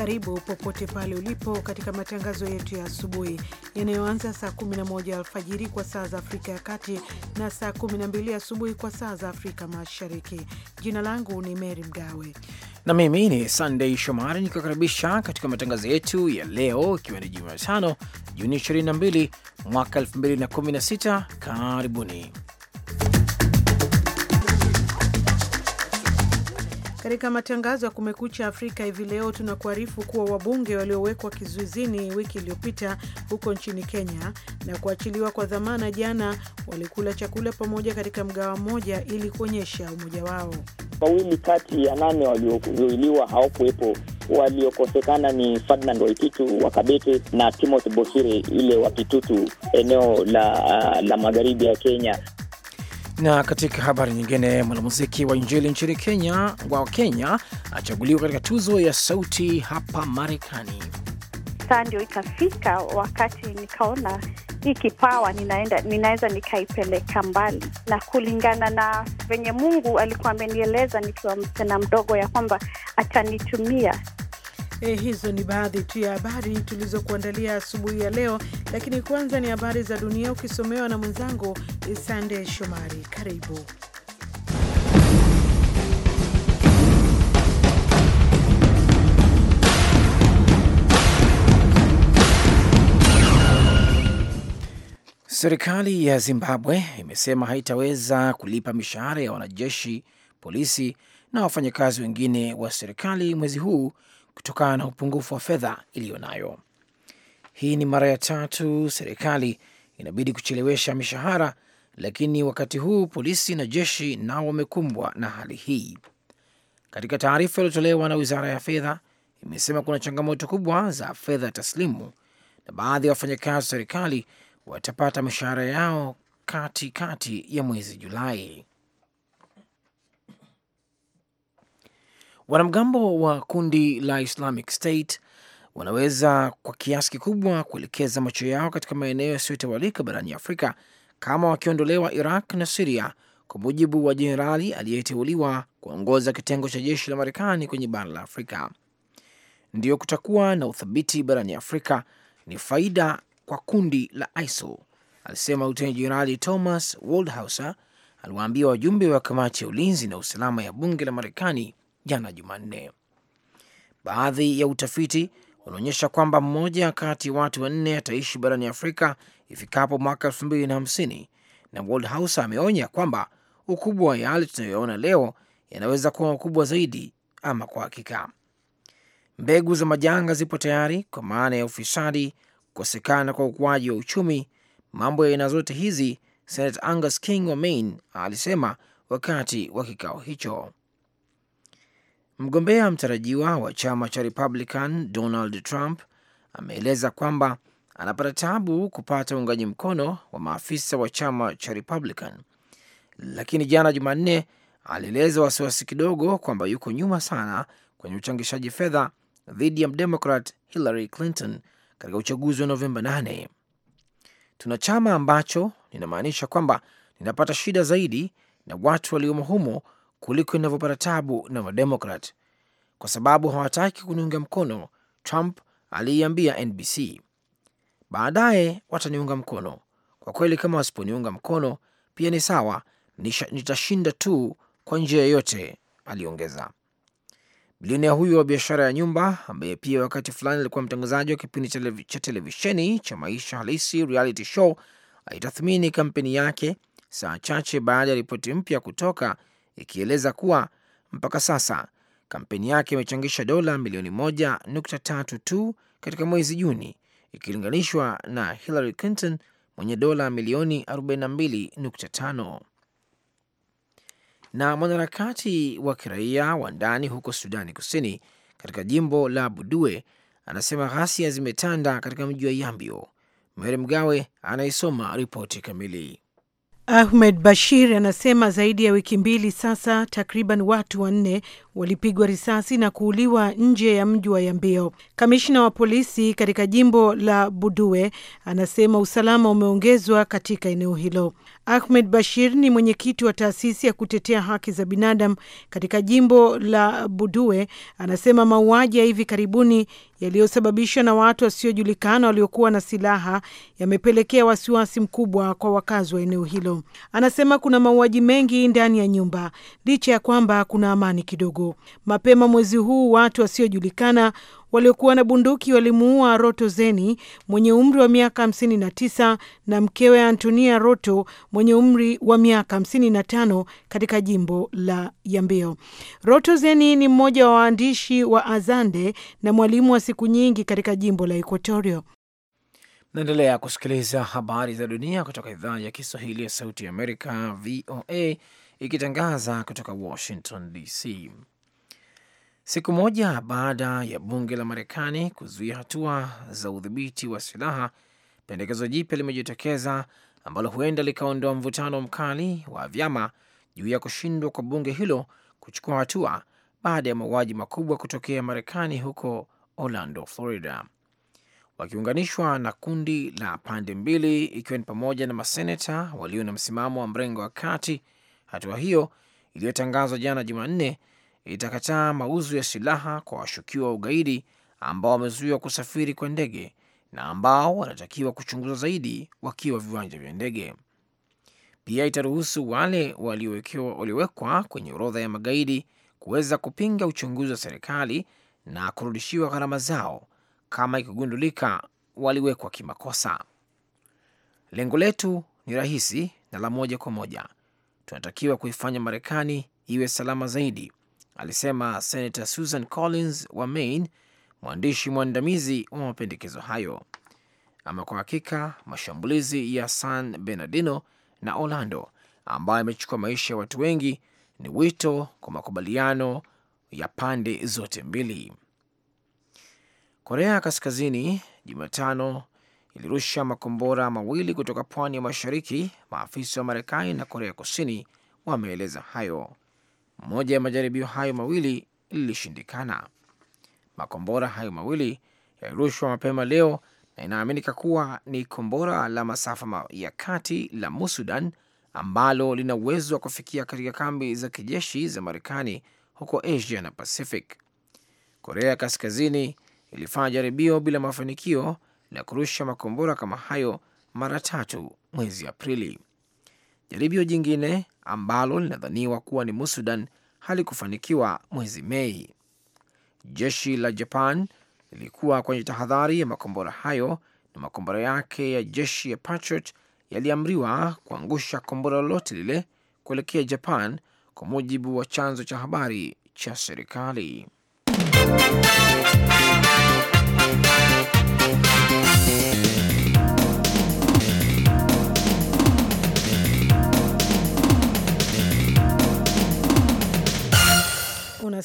Karibu popote pale ulipo katika matangazo yetu ya asubuhi yanayoanza saa 11 alfajiri kwa saa za Afrika ya Kati na saa 12 asubuhi kwa saa za Afrika Mashariki. Jina langu ni Mary Mgawe na mimi ni Sunday Shomari nikiwakaribisha katika matangazo yetu ya leo, ikiwa ni Jumatano Juni 22 mwaka 2016. Karibuni. Katika matangazo ya Kumekucha Afrika hivi leo tunakuarifu kuwa wabunge waliowekwa kizuizini wiki iliyopita huko nchini Kenya na kuachiliwa kwa dhamana jana walikula chakula pamoja katika mgawa mmoja ili kuonyesha umoja wao. Wawili kati ya nane waliozuiliwa hawakuwepo. Waliokosekana ni Ferdinand Waititu wa Kabete na Timothy Bosire ile wa Kitutu, eneo la, la magharibi ya Kenya. Na katika habari nyingine, mwanamuziki wa injili nchini Kenya wa Kenya achaguliwa katika tuzo ya sauti hapa Marekani. Saa ndio ikafika wakati nikaona hii kipawa ninaenda ninaweza nikaipeleka mbali, na kulingana na venye Mungu alikuwa amenieleza nikiwa msichana mdogo, ya kwamba atanitumia Eh, hizo ni baadhi tu ya habari tulizokuandalia asubuhi ya leo, lakini kwanza ni habari za dunia ukisomewa na mwenzangu eh, Sande Shomari. Karibu. Serikali ya Zimbabwe imesema haitaweza kulipa mishahara ya wanajeshi, polisi na wafanyakazi wengine wa serikali mwezi huu kutokana na upungufu wa fedha iliyo nayo. Hii ni mara ya tatu serikali inabidi kuchelewesha mishahara, lakini wakati huu polisi na jeshi nao wamekumbwa na hali hii. Katika taarifa iliyotolewa na wizara ya fedha, imesema kuna changamoto kubwa za fedha taslimu na baadhi ya wafanyakazi wa serikali watapata mishahara yao katikati kati ya mwezi Julai. Wanamgambo wa kundi la Islamic State wanaweza kwa kiasi kikubwa kuelekeza macho yao katika maeneo yasiyotawalika barani Afrika kama wakiondolewa Iraq na Siria, kwa mujibu wa jenerali aliyeteuliwa kuongoza kitengo cha jeshi la Marekani kwenye bara la Afrika. Ndiyo, kutakuwa na uthabiti barani Afrika ni faida kwa kundi la ISIL, alisema Luteni Jenerali Thomas Waldhauser aliwaambia wajumbe wa kamati ya ulinzi na usalama ya bunge la Marekani jana Jumanne. Baadhi ya utafiti unaonyesha kwamba mmoja kati ya watu wanne ataishi barani Afrika ifikapo mwaka elfu mbili na hamsini na Waldhauser ameonya kwamba ukubwa wa yale tunayoona leo yanaweza kuwa makubwa zaidi. Ama kwa hakika, mbegu za majanga zipo tayari, kwa maana ya ufisadi, kukosekana kwa ukuaji wa uchumi, mambo ya aina zote hizi, Senator Angus King wa Maine alisema wakati wa kikao hicho. Mgombea mtarajiwa wa chama cha Republican Donald Trump ameeleza kwamba anapata tabu kupata uungaji mkono wa maafisa wa chama cha Republican, lakini jana Jumanne alieleza wasiwasi kidogo kwamba yuko nyuma sana kwenye uchangishaji fedha dhidi ya mdemokrat Hillary Clinton katika uchaguzi wa Novemba 8. Tuna chama ambacho linamaanisha kwamba ninapata shida zaidi na watu waliomo humo kuliko inavyopata tabu na Wademokrat kwa sababu hawataki kuniunga mkono, Trump aliiambia NBC. Baadaye wataniunga mkono kwa kweli, kama wasiponiunga mkono pia ni sawa, nitashinda tu kwa njia yoyote, aliongeza. Bilionea huyu wa biashara ya nyumba ambaye pia wakati fulani alikuwa mtangazaji wa kipindi cha televisheni cha maisha halisi reality show, alitathmini kampeni yake saa chache baada ya ripoti mpya kutoka ikieleza kuwa mpaka sasa kampeni yake imechangisha dola milioni moja nukta tatu tu katika mwezi Juni ikilinganishwa na Hillary Clinton mwenye dola milioni 42.5. Na mwanaharakati wa kiraia wa ndani huko Sudani Kusini katika jimbo la Budue anasema ghasia zimetanda katika mji wa Yambio. Mary Mgawe anaisoma ripoti kamili. Ahmed Bashir anasema zaidi ya wiki mbili sasa, takriban watu wanne walipigwa risasi na kuuliwa nje ya mji wa Yambio. Kamishna wa polisi katika jimbo la Budue anasema usalama umeongezwa katika eneo hilo. Ahmed Bashir ni mwenyekiti wa taasisi ya kutetea haki za binadamu katika jimbo la Budue. Anasema mauaji ya hivi karibuni yaliyosababishwa na watu wasiojulikana waliokuwa na silaha yamepelekea wasiwasi mkubwa kwa wakazi wa eneo hilo. Anasema kuna mauaji mengi ndani ya nyumba licha ya kwamba kuna amani kidogo. Mapema mwezi huu watu wasiojulikana waliokuwa na bunduki walimuua Roto Zeni mwenye umri wa miaka 59 na mkewe Antonia Roto mwenye umri wa miaka 55 katika jimbo la Yambio. Roto Zeni ni mmoja wa waandishi wa Azande na mwalimu wa siku nyingi katika jimbo la Equatorio. Naendelea kusikiliza habari za dunia kutoka idhaa ya Kiswahili ya Sauti ya Amerika, VOA, ikitangaza kutoka Washington DC siku moja baada ya bunge la Marekani kuzuia hatua za udhibiti wa silaha. Pendekezo jipya limejitokeza ambalo huenda likaondoa mvutano mkali wa vyama juu ya kushindwa kwa bunge hilo kuchukua hatua baada ya mauaji makubwa kutokea Marekani huko Orlando, Florida. Wakiunganishwa na kundi la pande mbili, ikiwa ni pamoja na maseneta walio na msimamo wa mrengo wa kati, hatua hiyo iliyotangazwa jana Jumanne itakataa mauzo ya silaha kwa washukiwa wa ugaidi ambao wamezuiwa kusafiri kwa ndege na ambao wanatakiwa kuchunguzwa zaidi wakiwa viwanja vya ndege. Pia itaruhusu wale waliowekwa kwenye orodha ya magaidi kuweza kupinga uchunguzi wa serikali na kurudishiwa gharama zao kama ikigundulika waliwekwa kimakosa. Lengo letu ni rahisi na la moja kwa moja, tunatakiwa kuifanya Marekani iwe salama zaidi alisema Senator Susan Collins wa Maine, mwandishi mwandamizi wa mapendekezo hayo. Ama kwa hakika mashambulizi ya San Bernardino na Orlando ambayo yamechukua maisha ya watu wengi ni wito kwa makubaliano ya pande zote mbili. Korea ya Kaskazini Jumatano ilirusha makombora mawili kutoka pwani ya mashariki, maafisa wa Marekani na Korea Kusini wameeleza hayo. Moja ya majaribio hayo mawili lilishindikana. Makombora hayo mawili yalirushwa mapema leo na inaaminika kuwa ni kombora la masafa ya kati la Musudan ambalo lina uwezo wa kufikia katika kambi za kijeshi za Marekani huko Asia na Pacific. Korea ya Kaskazini ilifanya jaribio bila mafanikio la kurusha makombora kama hayo mara tatu mwezi Aprili. Jaribio jingine ambalo linadhaniwa kuwa ni Musudan halikufanikiwa mwezi Mei. Jeshi la Japan lilikuwa kwenye tahadhari ya makombora hayo na makombora yake ya jeshi ya Patriot yaliamriwa kuangusha kombora lolote lile kuelekea Japan, kwa mujibu wa chanzo cha habari cha serikali.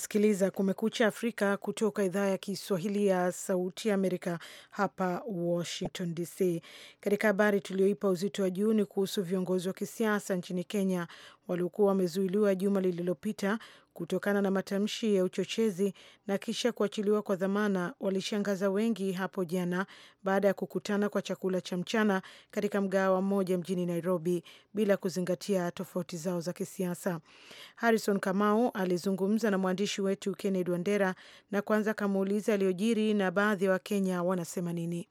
unasikiliza Kumekucha Afrika kutoka idhaa ya Kiswahili ya Sauti Amerika hapa Washington DC. Katika habari tulioipa uzito wa juu ni kuhusu viongozi wa kisiasa nchini Kenya waliokuwa wamezuiliwa juma lililopita kutokana na matamshi ya uchochezi na kisha kuachiliwa kwa dhamana walishangaza wengi hapo jana baada ya kukutana kwa chakula cha mchana katika mgahawa mmoja mjini Nairobi bila kuzingatia tofauti zao za kisiasa. Harrison Kamau alizungumza na mwandishi wetu Kennedy Wandera na kwanza akamuuliza aliyojiri na baadhi ya Wakenya wanasema nini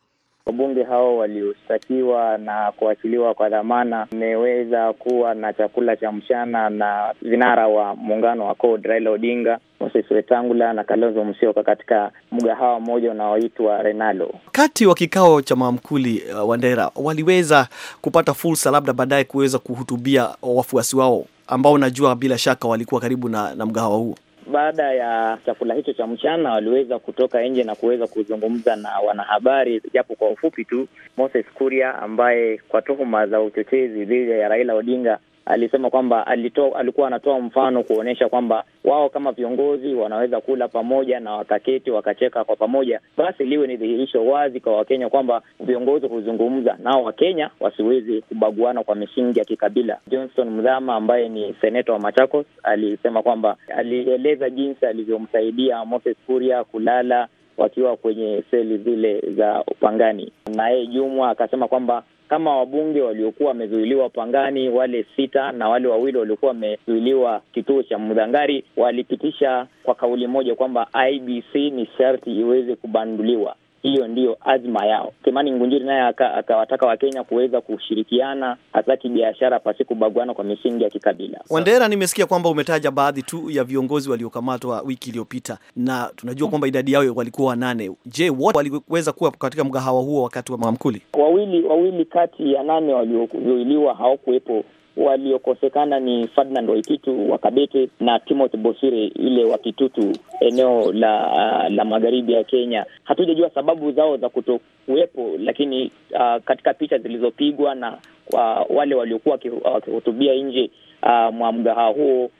wabunge hao walioshtakiwa na kuachiliwa kwa dhamana wameweza kuwa na chakula cha mchana na vinara wa muungano wa CORD Raila Odinga, Moses Wetangula na Kalonzo Musyoka katika mgahawa mmoja unaoitwa Renalo. Wakati wa kikao cha maamkuli uh, Wandera waliweza kupata fursa labda baadaye kuweza kuhutubia wafuasi wao ambao najua bila shaka walikuwa karibu na, na mgahawa huo baada ya chakula hicho cha mchana waliweza kutoka nje na kuweza kuzungumza na wanahabari japo kwa ufupi tu. Moses Kuria ambaye kwa tuhuma za uchochezi dhidi ya Raila Odinga alisema kwamba alikuwa anatoa mfano kuonyesha kwamba wao kama viongozi wanaweza kula pamoja na wakaketi wakacheka kwa pamoja, basi liwe ni dhihirisho wazi kwa Wakenya kwamba viongozi huzungumza nao, Wakenya wasiwezi kubaguana kwa misingi ya kikabila. Johnson Mdhama ambaye ni seneta wa Machakos alisema kwamba alieleza jinsi alivyomsaidia Moses Kuria kulala wakiwa kwenye seli zile za upangani. Naye Jumwa akasema kwamba kama wabunge waliokuwa wamezuiliwa Pangani wale sita na wale wawili waliokuwa wamezuiliwa kituo cha Mudhangari walipitisha kwa kauli moja kwamba IBC ni sharti iweze kubanduliwa hiyo ndiyo azma yao. Kimani Ngunjiri naye akawataka Wakenya kuweza kushirikiana hasa kibiashara pasi kubagwana kwa misingi ya kikabila. Wandera, nimesikia kwamba umetaja baadhi tu ya viongozi waliokamatwa wiki iliyopita na tunajua kwamba idadi yao walikuwa wanane. Je, wote waliweza kuwa katika mgahawa huo wakati wa maamkuli? Wawili wawili kati ya nane waliozuiliwa hawakuwepo waliokosekana ni Ferdinand Waititu wa Kabete na Timothy Bosire ile wa Kitutu, eneo la uh, la magharibi ya Kenya. Hatujajua sababu zao za kutokuwepo, lakini uh, katika picha zilizopigwa na kwa uh, wale waliokuwa uh, wakihutubia nje uh, mwa mgahawa huo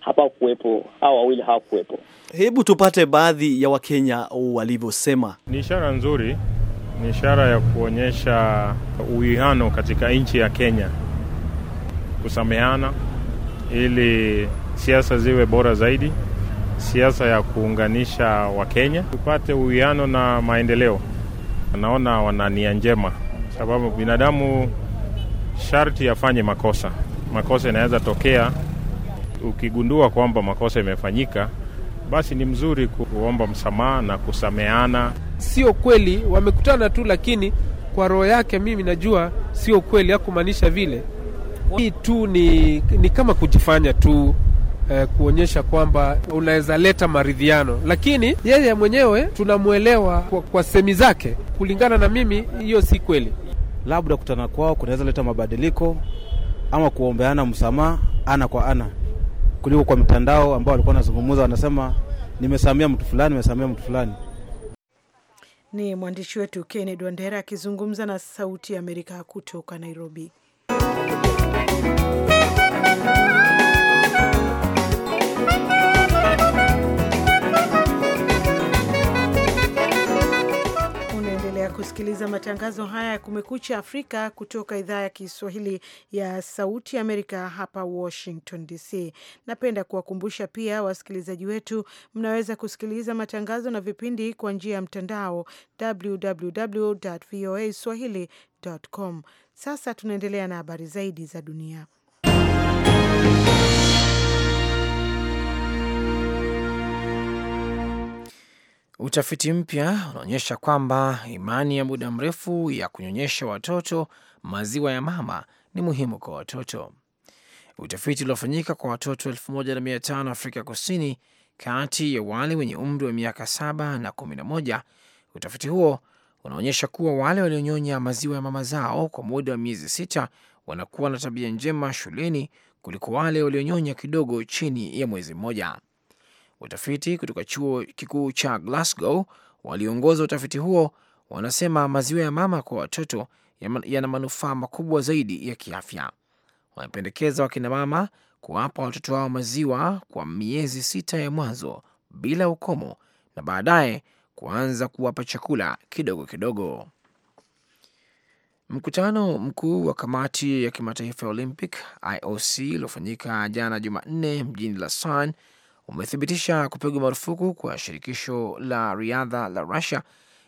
hapakuwepo, au wawili hawakuwepo. Hebu tupate baadhi ya Wakenya walivyosema. Ni ishara nzuri, ni ishara ya kuonyesha uwiano katika nchi ya Kenya kusameana, ili siasa ziwe bora zaidi, siasa ya kuunganisha Wakenya, tupate uwiano na maendeleo. Naona wana nia njema, sababu binadamu sharti afanye makosa. Makosa inaweza tokea, ukigundua kwamba makosa imefanyika basi ni mzuri kuomba msamaha na kusameana. Sio kweli wamekutana tu, lakini kwa roho yake mimi najua sio kweli, hakumaanisha vile. Hii tu ni, ni kama kujifanya tu eh, kuonyesha kwamba unaweza leta maridhiano, lakini yeye mwenyewe tunamwelewa kwa, kwa semi zake. Kulingana na mimi, hiyo si kweli. Labda kutana kwao kunaweza leta mabadiliko ama kuombeana msamaha ana kwa ana kuliko kwa mitandao ambao walikuwa wanazungumza, wanasema nimesamia mtu fulani, nimesamia mtu fulani. Ni mwandishi wetu Kennedy Wandera akizungumza na Sauti ya Amerika kutoka Nairobi. matangazo haya ya Kumekucha Afrika kutoka idhaa ya Kiswahili ya Sauti Amerika hapa Washington DC. Napenda kuwakumbusha pia wasikilizaji wetu, mnaweza kusikiliza matangazo na vipindi kwa njia ya mtandao www voa swahili com. Sasa tunaendelea na habari zaidi za dunia. Utafiti mpya unaonyesha kwamba imani ya muda mrefu ya kunyonyesha watoto maziwa ya mama ni muhimu kwa watoto. Utafiti uliofanyika kwa watoto 1500 Afrika Kusini kati ya wale wenye umri wa miaka 7 na 11. Utafiti huo unaonyesha kuwa wale walionyonya maziwa ya mama zao kwa muda wa miezi sita wanakuwa na tabia njema shuleni kuliko wale walionyonya kidogo chini ya mwezi mmoja. Utafiti kutoka chuo kikuu cha Glasgow waliongoza utafiti huo wanasema maziwa ya mama kwa watoto yana manufaa makubwa zaidi ya kiafya. Wanapendekeza wakinamama kuwapa watoto wao maziwa kwa miezi sita ya mwanzo bila ukomo na baadaye kuanza kuwapa chakula kidogo kidogo. Mkutano mkuu wa kamati ya kimataifa ya Olympic IOC uliofanyika jana Jumanne mjini Lausanne umethibitisha kupigwa marufuku kwa shirikisho la riadha la Rusia,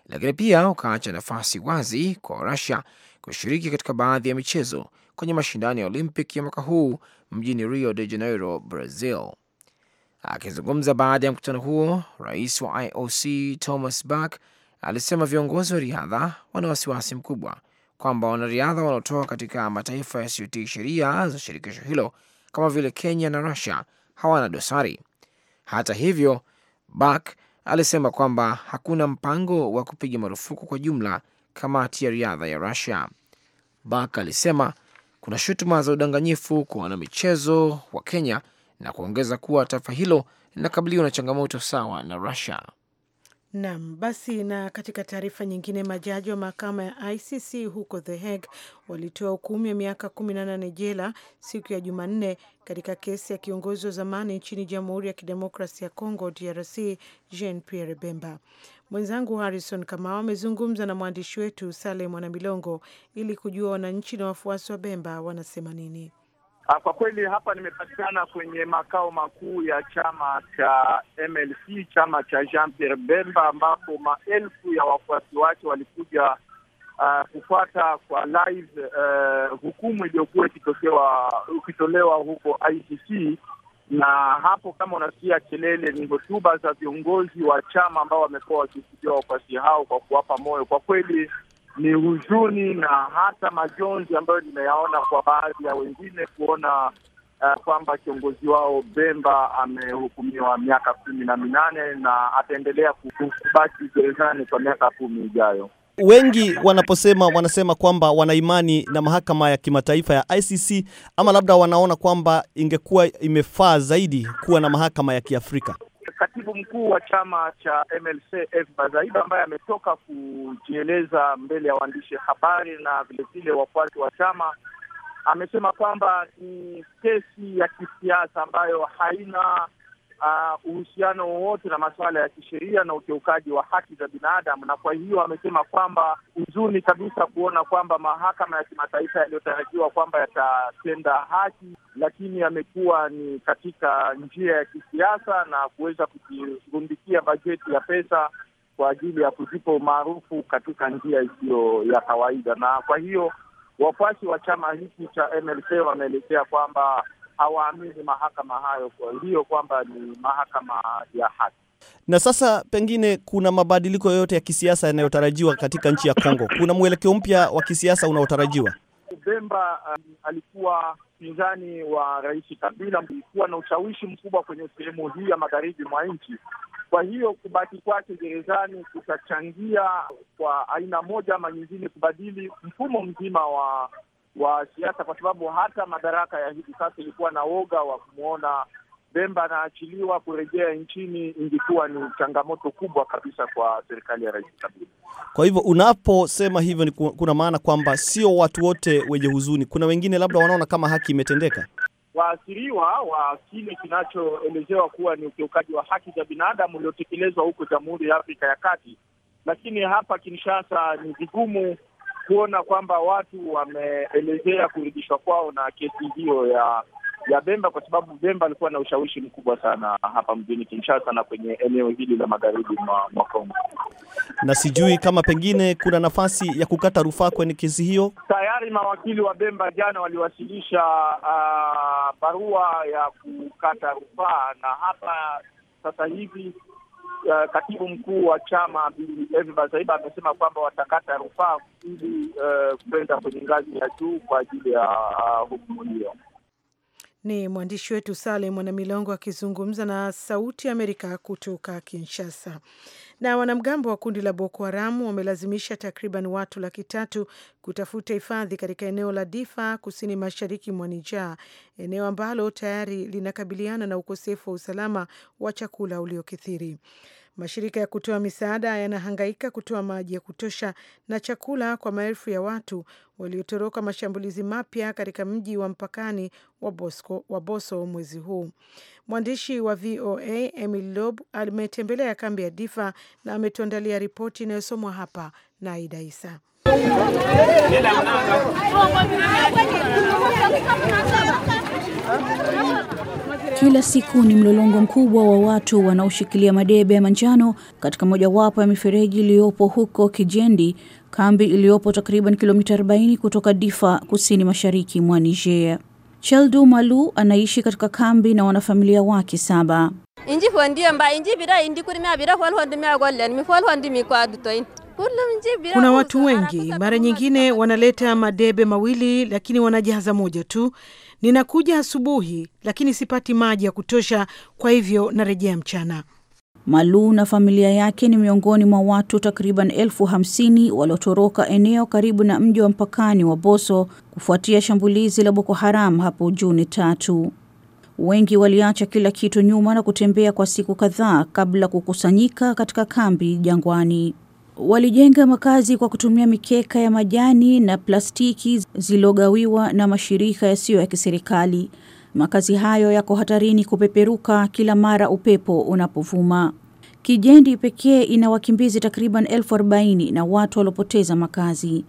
lakini pia ukaacha nafasi wazi kwa Rusia kushiriki katika baadhi ya michezo kwenye mashindano ya Olympic ya mwaka huu mjini Rio de Janeiro, Brazil. Akizungumza baada ya mkutano huo, rais wa IOC Thomas Bach alisema viongozi wa riadha wana wasiwasi mkubwa kwamba wanariadha wanaotoka katika mataifa yasiyotii sheria za shirikisho hilo kama vile Kenya na Russia hawana dosari hata hivyo, Bak alisema kwamba hakuna mpango wa kupiga marufuku kwa jumla kamati ya riadha ya Rusia. Bak alisema kuna shutuma za udanganyifu kwa wanamichezo wa Kenya na kuongeza kuwa taifa hilo linakabiliwa na changamoto sawa na Rusia. Nam basi. Na katika taarifa nyingine, majaji wa mahakama ya ICC huko The Hague walitoa hukumu ya miaka 18 jela siku ya Jumanne katika kesi ya kiongozi wa zamani nchini Jamhuri ya Kidemokrasi ya Congo, DRC, Jean Pierre Bemba. Mwenzangu Harrison Kamau amezungumza na mwandishi wetu Sale Mwanamilongo ili kujua wananchi na wafuasi wa Bemba wanasema nini. Ah, kwa kweli hapa nimepatikana kwenye makao makuu ya chama cha MLC, chama cha Jean Pierre Bemba, ambapo maelfu ya wafuasi wake walikuja uh, kufuata kwa live uh, hukumu iliyokuwa ikitolewa huko ICC. Na hapo kama unasikia kelele, ni hotuba za viongozi wa chama ambao wamekuwa wakisaidia wafuasi hao kwa kuwapa moyo. Kwa kweli ni huzuni na hata majonzi ambayo nimeyaona kwa baadhi ya wengine kuona uh, kwamba kiongozi wao Bemba amehukumiwa miaka kumi na minane na ataendelea kubaki gerezani kwa miaka kumi ijayo. Wengi wanaposema wanasema kwamba wanaimani na mahakama ya kimataifa ya ICC ama labda wanaona kwamba ingekuwa imefaa zaidi kuwa na mahakama ya Kiafrika katibu mkuu wa chama cha MLC F Bazaiba ambaye ametoka kujieleza mbele ya waandishi habari na vilevile wafuasi wa chama amesema kwamba ni kesi ya kisiasa ambayo haina Uh, uhusiano wowote na masuala ya kisheria na ukiukaji wa haki za binadamu, na kwa hiyo amesema kwamba huzuni kabisa kuona kwamba mahakama ya kimataifa yaliyotarajiwa kwamba yatatenda haki, lakini yamekuwa ni katika njia ya kisiasa na kuweza kujirundikia bajeti ya pesa kwa ajili ya kujipa umaarufu katika njia isiyo ya kawaida. Na kwa hiyo wafuasi wa chama hiki cha MLC wameelezea kwamba hawaamini mahakama hayo, kwa hiyo kwamba ni mahakama ya haki. Na sasa pengine kuna mabadiliko yoyote ya kisiasa yanayotarajiwa katika nchi ya Kongo? Kuna mwelekeo mpya wa kisiasa unaotarajiwa? Bemba um, uh, alikuwa pinzani wa Rais Kabila, alikuwa na ushawishi mkubwa kwenye sehemu hii ya magharibi mwa nchi. Kwa hiyo kubaki kwake gerezani kutachangia kwa aina moja ama nyingine kubadili mfumo mzima wa wa siasa, kwa sababu hata madaraka ya hivi sasa ilikuwa na woga wa kumwona Bemba anaachiliwa kurejea nchini, ingekuwa ni changamoto kubwa kabisa kwa serikali ya Rais Kabila. Kwa hivyo unaposema hivyo, ni kuna maana kwamba sio watu wote wenye huzuni, kuna wengine labda wanaona kama haki imetendeka. Waathiriwa wa kile kinachoelezewa kuwa ni ukiukaji wa haki za binadamu uliotekelezwa huko Jamhuri ya Afrika ya Kati, lakini hapa Kinshasa ni vigumu kuona kwamba watu wameelezea kurudishwa kwao na kesi hiyo ya ya Bemba kwa sababu Bemba alikuwa na ushawishi mkubwa sana hapa mjini Kinshasa na kwenye eneo hili la magharibi mwa Kongo. Na sijui kama pengine kuna nafasi ya kukata rufaa kwenye kesi hiyo. Tayari mawakili wa Bemba jana waliwasilisha uh, barua ya kukata rufaa, na hapa sasa hivi uh, katibu mkuu wa chama Bibi Basaiba amesema kwamba watakata rufaa ili uh, kwenda kwenye ngazi ya juu kwa ajili ya uh, hukumu hiyo. Ni mwandishi wetu Sale Mwanamilongo akizungumza na Sauti Amerika kutoka Kinshasa. Na wanamgambo wa kundi la Boko Haramu wamelazimisha takriban watu laki tatu kutafuta hifadhi katika eneo la Difa, kusini mashariki mwa nijaa eneo ambalo tayari linakabiliana na ukosefu wa usalama wa chakula uliokithiri. Mashirika ya kutoa misaada yanahangaika kutoa maji ya kutosha na chakula kwa maelfu ya watu waliotoroka mashambulizi mapya katika mji wa mpakani wa, wa Boso mwezi huu. Mwandishi wa VOA Emil Lob ametembelea kambi ya Difa na ametuandalia ripoti inayosomwa hapa na Aida Isa. Kila siku ni mlolongo mkubwa wa watu wanaoshikilia madebe ya manjano katika mojawapo ya mifereji iliyopo huko Kijendi, kambi iliyopo takriban kilomita 40 kutoka Difa, kusini mashariki mwa Niger. Cheldu Malu anaishi katika kambi na wanafamilia wake saba. Kuna watu wengi, mara nyingine wanaleta madebe mawili, lakini wanajaza moja tu. Ninakuja asubuhi, lakini sipati maji ya kutosha, kwa hivyo narejea mchana. Malu na familia yake ni miongoni mwa watu takriban elfu hamsini waliotoroka eneo karibu na mji wa mpakani wa Boso kufuatia shambulizi la Boko Haram hapo Juni tatu. Wengi waliacha kila kitu nyuma na kutembea kwa siku kadhaa kabla kukusanyika katika kambi jangwani. Walijenga makazi kwa kutumia mikeka ya majani na plastiki zilogawiwa na mashirika yasiyo ya kiserikali. Makazi hayo yako hatarini kupeperuka kila mara upepo unapovuma. Kijendi pekee ina wakimbizi takriban elfu arobaini na watu waliopoteza makazi.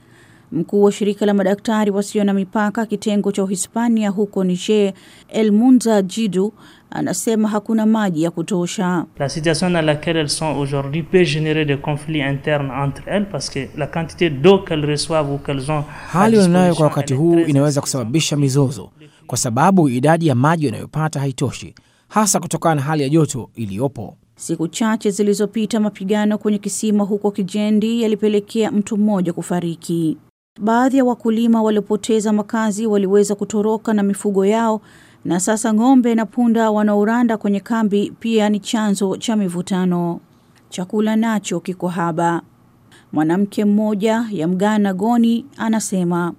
Mkuu wa shirika la madaktari wasio na mipaka kitengo cha Uhispania huko Niger, Elmunza Jidu anasema hakuna maji ya kutosha. La situation dans laquelle elles sont aujourd'hui peut générer des conflits internes entre elles parce que la quantité d'eau qu'elles reçoivent ou qu'elles ont, hali wanayo kwa wakati huu inaweza kusababisha mizozo kwa sababu idadi ya maji wanayopata haitoshi, hasa kutokana na hali ya joto iliyopo. Siku chache zilizopita mapigano kwenye kisima huko Kijendi yalipelekea mtu mmoja kufariki. Baadhi ya wakulima waliopoteza makazi waliweza kutoroka na mifugo yao na sasa ng'ombe na punda wanaoranda kwenye kambi pia ni chanzo cha mivutano. Chakula nacho kiko haba. Mwanamke mmoja ya Mgana Goni anasema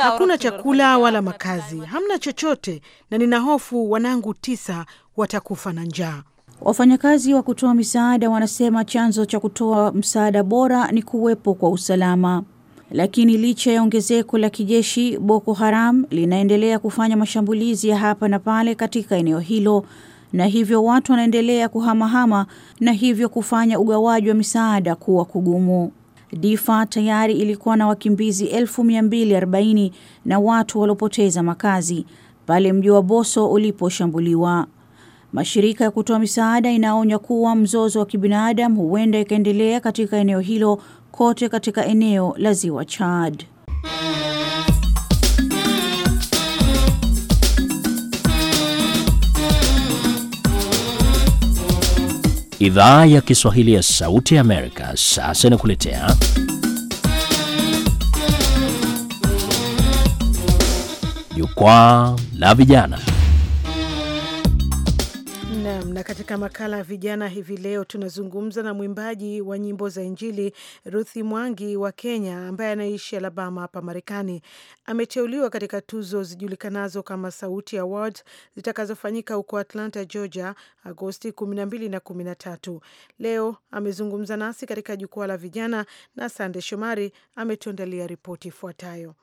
hakuna chakula wala makazi, hamna chochote, na nina hofu wanangu tisa watakufa na njaa. Wafanyakazi wa kutoa misaada wanasema chanzo cha kutoa msaada bora ni kuwepo kwa usalama. Lakini licha ya ongezeko la kijeshi, Boko Haram linaendelea kufanya mashambulizi ya hapa na pale katika eneo hilo, na hivyo watu wanaendelea kuhamahama na hivyo kufanya ugawaji wa misaada kuwa kugumu. Difa tayari ilikuwa na wakimbizi 1240 na watu waliopoteza makazi pale mji wa Boso uliposhambuliwa. Mashirika ya kutoa misaada inaonya kuwa mzozo wa kibinadamu huenda ikaendelea katika eneo hilo kote katika eneo la Ziwa Chad. Idhaa ya Kiswahili ya Sauti ya Amerika sasa inakuletea Jukwaa la Vijana. Na katika makala ya vijana hivi leo tunazungumza na mwimbaji wa nyimbo za Injili Ruthi Mwangi wa Kenya, ambaye anaishi Alabama hapa Marekani. Ameteuliwa katika tuzo zijulikanazo kama Sauti Awards zitakazofanyika huko Atlanta, Georgia, Agosti 12 na 13. Leo amezungumza nasi katika jukwaa la vijana, na Sande Shomari ametuandalia ripoti ifuatayo.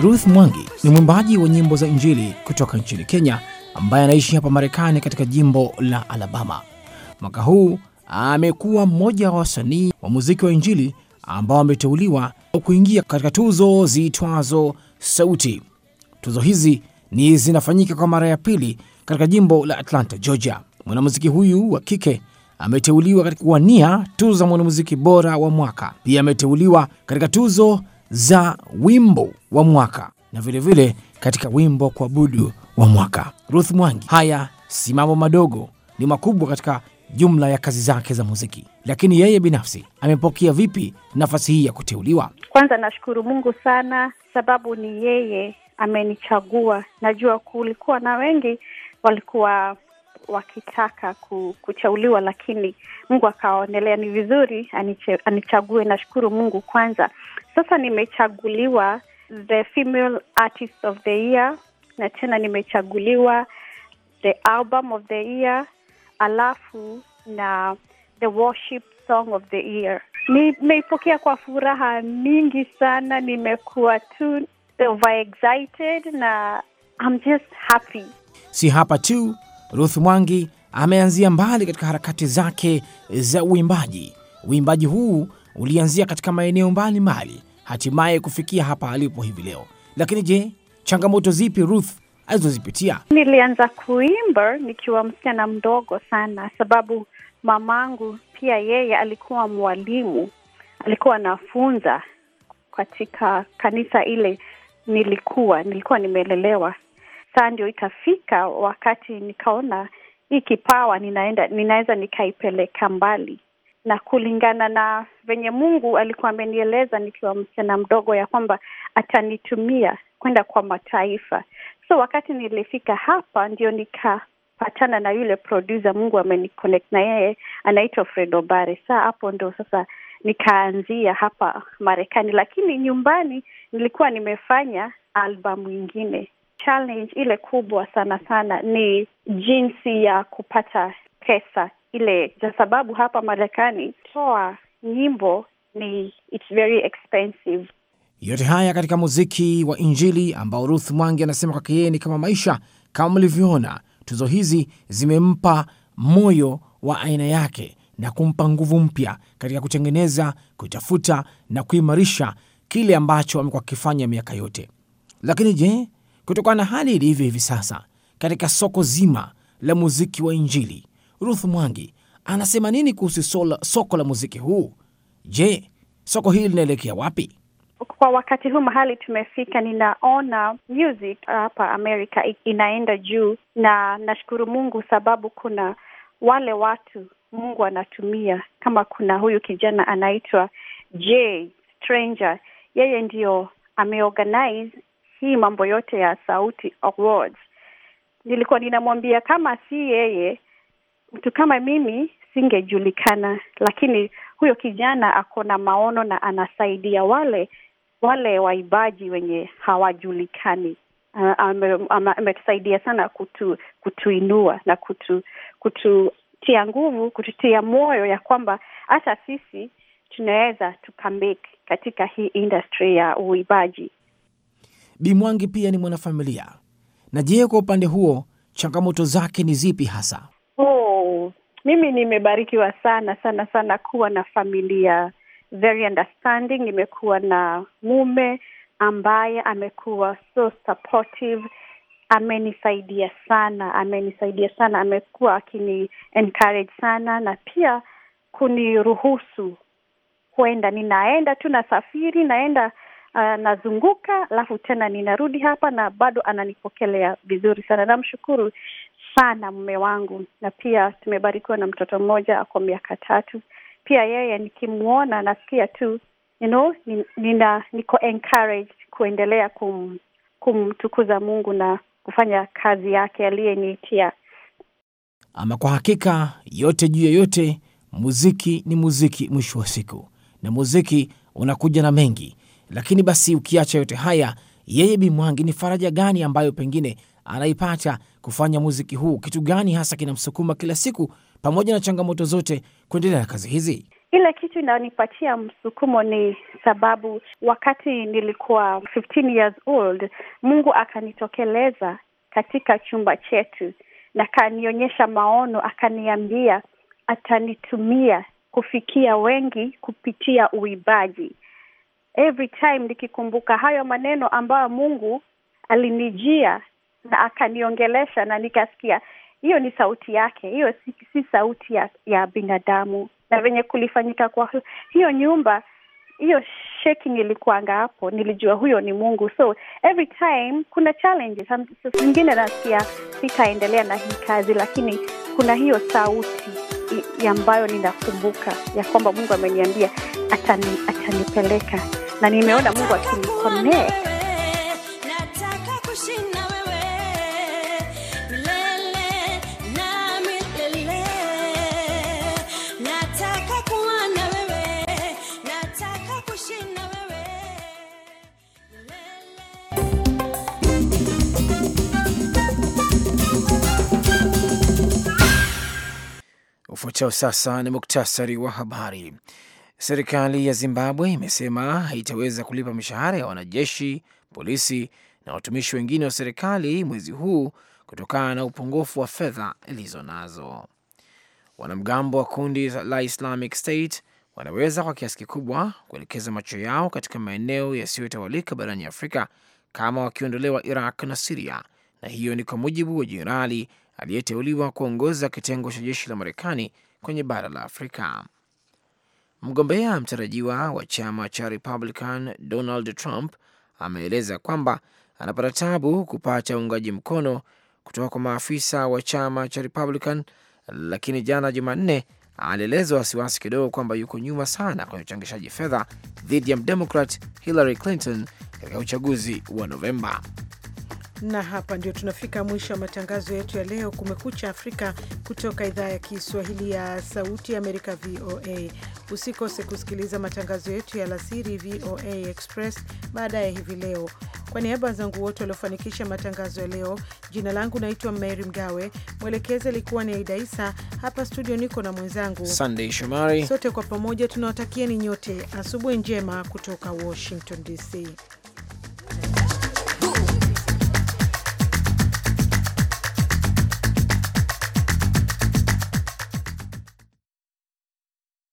Ruth Mwangi ni mwimbaji wa nyimbo za Injili kutoka nchini Kenya ambaye anaishi hapa Marekani katika jimbo la Alabama. Mwaka huu amekuwa mmoja wa wasanii wa muziki wa Injili ambao ameteuliwa kuingia katika tuzo ziitwazo Sauti. Tuzo hizi ni zinafanyika kwa mara ya pili katika jimbo la Atlanta, Georgia. Mwanamuziki huyu wa kike ameteuliwa katika kuwania tuzo za mwanamuziki bora wa mwaka. Pia ameteuliwa katika tuzo za wimbo wa mwaka na vilevile vile katika wimbo wa kuabudu wa mwaka. Ruth Mwangi, haya si mambo madogo, ni makubwa katika jumla ya kazi zake za muziki. Lakini yeye binafsi amepokea vipi nafasi hii ya kuteuliwa? Kwanza nashukuru Mungu sana, sababu ni yeye amenichagua. Najua kulikuwa na wengi walikuwa wakitaka kuteuliwa, lakini Mungu akaonelea ni vizuri aniche, anichague. Nashukuru Mungu kwanza sasa nimechaguliwa the female artist of the year, na tena nimechaguliwa the album of the year, alafu na the worship song of the year. Nimeipokea kwa furaha mingi sana, nimekuwa tu overexcited na I'm just happy. Si hapa tu, Ruth Mwangi ameanzia mbali katika harakati zake za uimbaji. Uimbaji huu ulianzia katika maeneo mbalimbali hatimaye kufikia hapa alipo hivi leo. Lakini je, changamoto zipi Ruth alizozipitia? Nilianza kuimba nikiwa msichana mdogo sana, sababu mamangu pia yeye alikuwa mwalimu, alikuwa anafunza katika kanisa ile nilikuwa nilikuwa nimelelewa. Saa ndio ikafika wakati nikaona hii kipawa ninaenda ninaweza nikaipeleka mbali na kulingana na venye Mungu alikuwa amenieleza nikiwa msichana mdogo ya kwamba atanitumia kwenda kwa mataifa. So wakati nilifika hapa, ndio nikapatana na yule producer Mungu ameniconnect na yeye, anaitwa fredo bare Saa hapo ndo sasa nikaanzia hapa Marekani, lakini nyumbani nilikuwa nimefanya albamu ingine. Challenge ile kubwa sana sana ni jinsi ya kupata pesa ile za sababu hapa Marekani toa nyimbo ni it's very expensive. Yote haya katika muziki wa Injili ambao Ruth Mwangi anasema kwake yeye ni kama maisha. Kama mlivyoona, tuzo hizi zimempa moyo wa aina yake na kumpa nguvu mpya katika kutengeneza, kutafuta na kuimarisha kile ambacho amekuwa akifanya miaka yote. Lakini je, kutokana na hali ilivyo hivi sasa katika soko zima la muziki wa Injili, Ruth Mwangi anasema nini kuhusu soko la muziki huu? Je, soko hili linaelekea wapi? Kwa wakati huu mahali tumefika, ninaona music hapa Amerika inaenda juu, na nashukuru Mungu sababu kuna wale watu Mungu anatumia, kama kuna huyu kijana anaitwa Jay Stranger, yeye ndiyo ameorganize hii mambo yote ya Sauti Awards. Nilikuwa ninamwambia kama si yeye mtu kama mimi singejulikana, lakini huyo kijana ako na maono na anasaidia wale wale waibaji wenye hawajulikani. Ametusaidia ame sana kutu, kutuinua na kutu, kututia nguvu, kututia moyo ya kwamba hata sisi tunaweza tukamk katika hii industry ya uibaji. Bimwangi pia ni mwanafamilia. Na je, kwa upande huo changamoto zake ni zipi hasa? Mimi nimebarikiwa sana sana sana kuwa na familia very understanding. Nimekuwa na mume ambaye amekuwa so supportive, amenisaidia sana, amenisaidia sana, amekuwa akini encourage sana na pia kuniruhusu kwenda, ninaenda tu nasafiri, naenda uh, nazunguka, alafu tena ninarudi hapa, na bado ananipokelea vizuri sana. Namshukuru sana mume wangu, na pia tumebarikiwa na mtoto mmoja ako miaka tatu. Pia yeye nikimwona nasikia tu you know, nina niko encouraged kuendelea kum, kumtukuza Mungu na kufanya kazi yake aliyeniitia. Ama kwa hakika, yote juu ya yote, muziki ni muziki mwisho wa siku, na muziki unakuja na mengi. Lakini basi ukiacha yote haya, yeye Bi Mwangi, ni faraja gani ambayo pengine anaipata kufanya muziki huu? Kitu gani hasa kinamsukuma kila siku, pamoja na changamoto zote, kuendelea na kazi hizi? Ile kitu inanipatia msukumo ni sababu, wakati nilikuwa 15 years old, Mungu akanitokeleza katika chumba chetu na kanionyesha maono, akaniambia atanitumia kufikia wengi kupitia uibaji. Every time nikikumbuka hayo maneno ambayo Mungu alinijia na akaniongelesha na nikasikia hiyo ni sauti yake, hiyo si, si sauti ya, ya binadamu. Na venye kulifanyika kwa hiyo nyumba, hiyo shaking ilikuanga hapo, nilijua huyo ni Mungu. So every time kuna challenges, zingine nasikia sitaendelea na hii kazi, lakini kuna hiyo sauti ambayo ninakumbuka ya kwamba Mungu ameniambia atani, atanipeleka na nimeona Mungu akinikonea Ifuatao sasa ni muktasari wa habari. Serikali ya Zimbabwe imesema haitaweza kulipa mishahara ya wanajeshi, polisi na watumishi wengine wa serikali mwezi huu kutokana na upungufu wa fedha ilizo nazo. Wanamgambo wa kundi la Islamic State wanaweza kwa kiasi kikubwa kuelekeza macho yao katika maeneo yasiyotawalika barani Afrika kama wakiondolewa Iraq na Siria, na hiyo ni kwa mujibu wa jenerali aliyeteuliwa kuongoza kitengo cha jeshi la Marekani kwenye bara la Afrika. Mgombea mtarajiwa wa chama cha Republican Donald Trump ameeleza kwamba anapata tabu kupata uungaji mkono kutoka kwa maafisa wa chama cha Republican, lakini jana Jumanne alieleza wasiwasi kidogo kwamba yuko nyuma sana kwenye uchangishaji fedha dhidi ya mdemokrat Hillary Clinton katika uchaguzi wa Novemba. Na hapa ndio tunafika mwisho wa matangazo yetu ya leo, Kumekucha Afrika, kutoka idhaa ya Kiswahili ya Sauti Amerika, VOA. Usikose kusikiliza matangazo yetu ya alasiri, VOA Express, baadaye hivi leo. Kwa niaba zangu wote waliofanikisha matangazo ya leo, jina langu naitwa Mary Mgawe, mwelekezi alikuwa ni Aida Isa. Hapa studio niko na mwenzangu sandey Shomari. Sote kwa pamoja tunawatakia ni nyote asubuhi njema kutoka Washington DC.